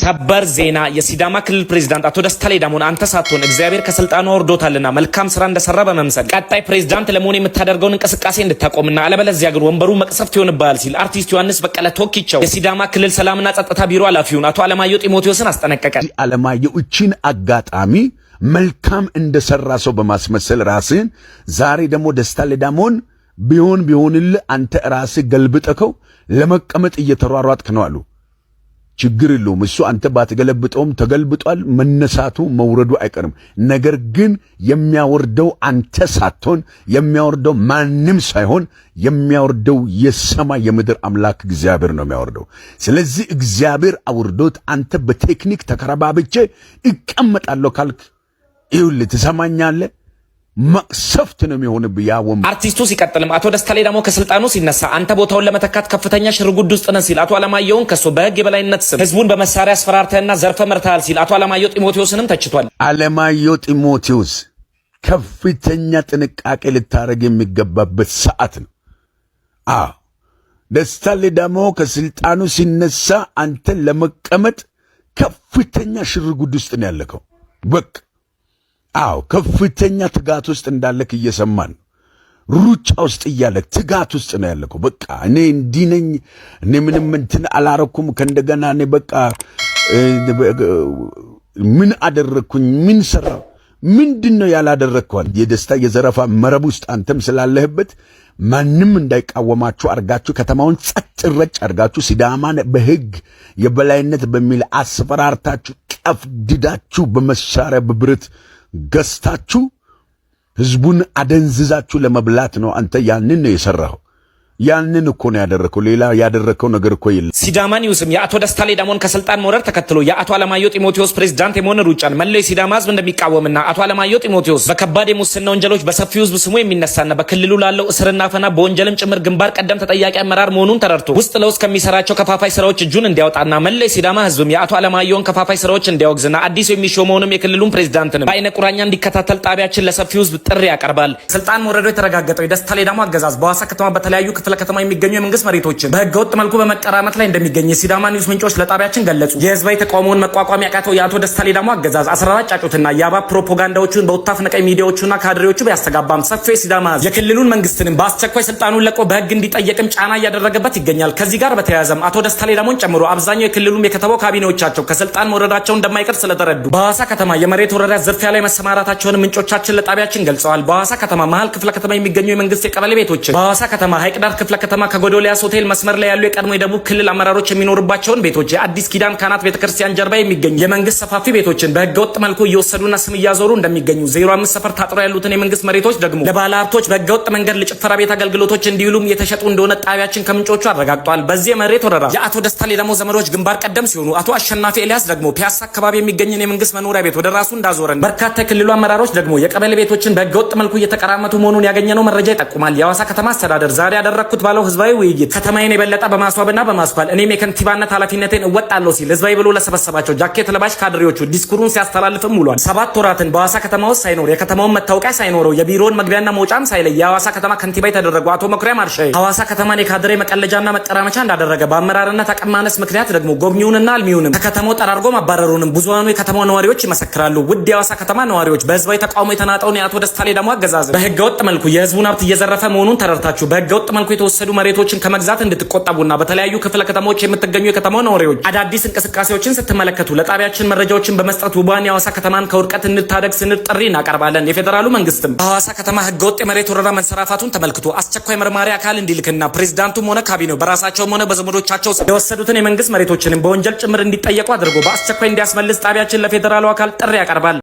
ሰበር ዜና የሲዳማ ክልል ፕሬዝዳንት አቶ ደስታ ሌዳሞን አንተ ሳትሆን እግዚአብሔር ከስልጣኑ ወርዶታልና መልካም ስራ እንደሰራ በመምሰል ቀጣይ ፕሬዝዳንት ለመሆን የምታደርገውን እንቅስቃሴ እንድታቆምና አለበለዚያ ግን ወንበሩ መቅሰፍት ይሆንብሃል ሲል አርቲስት ዮሐንስ በቀለ ቶኪቻው የሲዳማ ክልል ሰላምና ጸጥታ ቢሮ ኃላፊውን አቶ አለማየሁ ጢሞቴዎስን አስጠነቀቀ። አለማየሁ እቺን አጋጣሚ መልካም እንደሰራ ሰው በማስመሰል ራስህን ዛሬ ደግሞ ደስታ ሌዳሞን ቢሆን ቢሆንልህ አንተ ራስህ ገልብጠከው ለመቀመጥ እየተሯሯጥክ ነው አሉ። ችግር የለውም። እሱ አንተ ባትገለብጠውም ተገልብጧል። መነሳቱ መውረዱ አይቀርም። ነገር ግን የሚያወርደው አንተ ሳትሆን የሚያወርደው ማንም ሳይሆን የሚያወርደው የሰማይ የምድር አምላክ እግዚአብሔር ነው የሚያወርደው። ስለዚህ እግዚአብሔር አውርዶት አንተ በቴክኒክ ተከረባብቼ እቀመጣለሁ ካልክ ይሁል ትሰማኛለህ መቅሰፍት ነው የሚሆንብህ ያ ወንበር። አርቲስቱ ሲቀጥልም አቶ ደስታሌ ላይ ደግሞ ከስልጣኑ ሲነሳ አንተ ቦታውን ለመተካት ከፍተኛ ሽርጉድ ውስጥ ነን ሲል አቶ አለማየሁን ከሶ በህግ የበላይነት ስም ህዝቡን በመሳሪያ አስፈራርተህና ዘርፈ መርተሃል ሲል አቶ አለማየሁ ጢሞቴዎስንም ተችቷል። አለማየሁ ጢሞቴዎስ ከፍተኛ ጥንቃቄ ልታደረግ የሚገባበት ሰዓት ነው። አ ደስታሌ ሌዳሞ ከስልጣኑ ሲነሳ አንተን ለመቀመጥ ከፍተኛ ሽርጉድ ውስጥ ነው ያለከው በቃ አዎ ከፍተኛ ትጋት ውስጥ እንዳለክ እየሰማን ሩጫ ውስጥ እያለክ ትጋት ውስጥ ነው ያለከው። በቃ እኔ እንዲህ ነኝ፣ እኔ ምንም እንትን አላረኩም፣ ከእንደገና እኔ በቃ ምን አደረግኩኝ? ምን ሰራ? ምንድን ነው ያላደረግኳል? የደስታ የዘረፋ መረብ ውስጥ አንተም ስላለህበት ማንም እንዳይቃወማችሁ አርጋችሁ ከተማውን ጸጥ ረጭ አርጋችሁ ሲዳማን በህግ የበላይነት በሚል አስፈራርታችሁ ቀፍድዳችሁ በመሳሪያ በብረት ገዝታችሁ ህዝቡን አደንዝዛችሁ ለመብላት ነው። አንተ ያንን ነው የሰራኸው። ያንን እኮ ነው ያደረከው። ሌላ ያደረከው ነገር እኮ የለም። ሲዳማ ኒውስም የአቶ ደስታ ሌዳሞን ከስልጣን መውረድ ተከትሎ የአቶ አለማየሁ ጢሞቴዎስ ፕሬዝዳንት የመሆን ሩጫን መላው የሲዳማ ሕዝብ እንደሚቃወምና አቶ አለማየሁ ጢሞቴዎስ በከባድ የሙስና ወንጀሎች በሰፊው ህዝብ ስሙ የሚነሳና በክልሉ ላለው እስርና ፈና በወንጀልም ጭምር ግንባር ቀደም ተጠያቂ አመራር መሆኑን ተረድቶ ውስጥ ለውስጥ ከሚሰራቸው ከፋፋይ ስራዎች እጁን እንዲያወጣና መላው የሲዳማ ሕዝብም የአቶ አለማየሁን ከፋፋይ ስራዎች እንዲያወግዝና አዲስ የሚሾመውንም የክልሉን ፕሬዝዳንትንም በአይነ ቁራኛ እንዲከታተል ጣቢያችን ለሰፊው ህዝብ ጥሪ ያቀርባል። ስልጣን መውረዱ የተረጋገጠው የደስታ ሌዳሞ አገዛዝ በዋሳ ከተማ በተለያዩ ክፍለ ከተማ የሚገኙ የመንግስት መሬቶችን በህገወጥ መልኩ በመቀራመት ላይ እንደሚገኝ የሲዳማ ኒውስ ምንጮች ለጣቢያችን ገለጹ። የህዝባዊ ተቃውሞውን መቋቋም ያቃተው የአቶ ደስታ ሌዳሞ አገዛዝ አስራራ ጫጩትና የአባ ፕሮፓጋንዳዎቹን በወታፍ ነቀይ ሚዲያዎቹና ካድሬዎቹ ቢያስተጋባም ሰፊ የሲዳማ ህዝብ የክልሉን መንግስትንም በአስቸኳይ ስልጣኑን ለቆ በህግ እንዲጠየቅም ጫና እያደረገበት ይገኛል። ከዚህ ጋር በተያያዘም አቶ ደስታ ሌዳሞን ጨምሮ አብዛኛው የክልሉም የከተማው ካቢኔዎቻቸው ከስልጣን መውረዳቸው እንደማይቀር ስለተረዱ በሐዋሳ ከተማ የመሬት ወረዳ ዝርፊያ ላይ መሰማራታቸውን ምንጮቻችን ለጣቢያችን ገልጸዋል። በሐዋሳ ከተማ መሀል ክፍለ ከተማ የሚገኙ የመንግስት የቀበሌ ቤቶችን በሐዋሳ ከተማ ሀይቅ ዳር ምዕራብ ክፍለ ከተማ ከጎዶልያስ ሆቴል መስመር ላይ ያሉ የቀድሞ የደቡብ ክልል አመራሮች የሚኖርባቸውን ቤቶች የአዲስ ኪዳን ካናት ቤተክርስቲያን ጀርባ የሚገኙ የመንግስት ሰፋፊ ቤቶችን በህገወጥ መልኩ እየወሰዱና ስም እያዞሩ እንደሚገኙ፣ አምስት ሰፈር ታጥሮ ያሉትን የመንግስት መሬቶች ደግሞ ለባለ ሀብቶች በህገወጥ መንገድ ለጭፈራ ቤት አገልግሎቶች እንዲውሉም የተሸጡ እንደሆነ ጣቢያችን ከምንጮቹ አረጋግጧል። በዚህ የመሬት ወረራ የአቶ ደስታ ሌዳሞ ዘመዶች ግንባር ቀደም ሲሆኑ አቶ አሸናፊ ኤልያስ ደግሞ ፒያሳ አካባቢ የሚገኝን የመንግስት መኖሪያ ቤት ወደ ራሱ እንዳዞረን በርካታ የክልሉ አመራሮች ደግሞ የቀበሌ ቤቶችን በህገወጥ መልኩ እየተቀራመቱ መሆኑን ያገኘነው መረጃ ይጠቁማል። የሐዋሳ ከተማ አስተዳደር ዛሬ ያደረ አደረግኩት ባለው ህዝባዊ ውይይት ከተማዬን የበለጠ በማስዋብና በማስኳል እኔም የከንቲባነት ኃላፊነቴን እወጣለሁ ሲል ህዝባዊ ብሎ ለሰበሰባቸው ጃኬት ለባሽ ካድሬዎቹ ዲስኩሩን ሲያስተላልፍም ውሏል። ሰባት ወራትን በሐዋሳ ከተማ ውስጥ ሳይኖር የከተማውን መታወቂያ ሳይኖረው የቢሮውን መግቢያና መውጫም ሳይለይ የሐዋሳ ከተማ ከንቲባ የተደረጉ አቶ መኩሪያ ማርሻዬ ሐዋሳ ከተማን የካድሬ መቀለጃና መቀራመቻ እንዳደረገ በአመራርነት አቅም ማነስ ምክንያት ደግሞ ጎብኚውንና አልሚውንም ከከተማው ጠራርጎ ማባረሩንም ብዙሃኑ የከተማው ነዋሪዎች ይመሰክራሉ። ውድ የሐዋሳ ከተማ ነዋሪዎች በህዝባዊ ተቃውሞ የተናጠውን የአቶ ደስታሌ ደግሞ አገዛዝ በህገወጥ መልኩ የህዝቡን ሀብት እየዘረፈ መሆኑን ተረድታችሁ በህገወጥ መልኩ የተወሰዱ መሬቶችን ከመግዛት እንድትቆጠቡና በተለያዩ ክፍለ ከተሞች የምትገኙ የከተማው ነዋሪዎች አዳዲስ እንቅስቃሴዎችን ስትመለከቱ ለጣቢያችን መረጃዎችን በመስጠት ውቧን የሐዋሳ ከተማን ከውድቀት እንድታደግ ስንል ጥሪ እናቀርባለን። የፌዴራሉ መንግስትም በሐዋሳ ከተማ ህገወጥ የመሬት ወረራ መንሰራፋቱን ተመልክቶ አስቸኳይ መርማሪ አካል እንዲልክና ፕሬዚዳንቱም ሆነ ካቢኔው በራሳቸውም ሆነ በዘመዶቻቸው የወሰዱትን የመንግስት መሬቶችንም በወንጀል ጭምር እንዲጠየቁ አድርጎ በአስቸኳይ እንዲያስመልስ ጣቢያችን ለፌዴራሉ አካል ጥሪ ያቀርባል።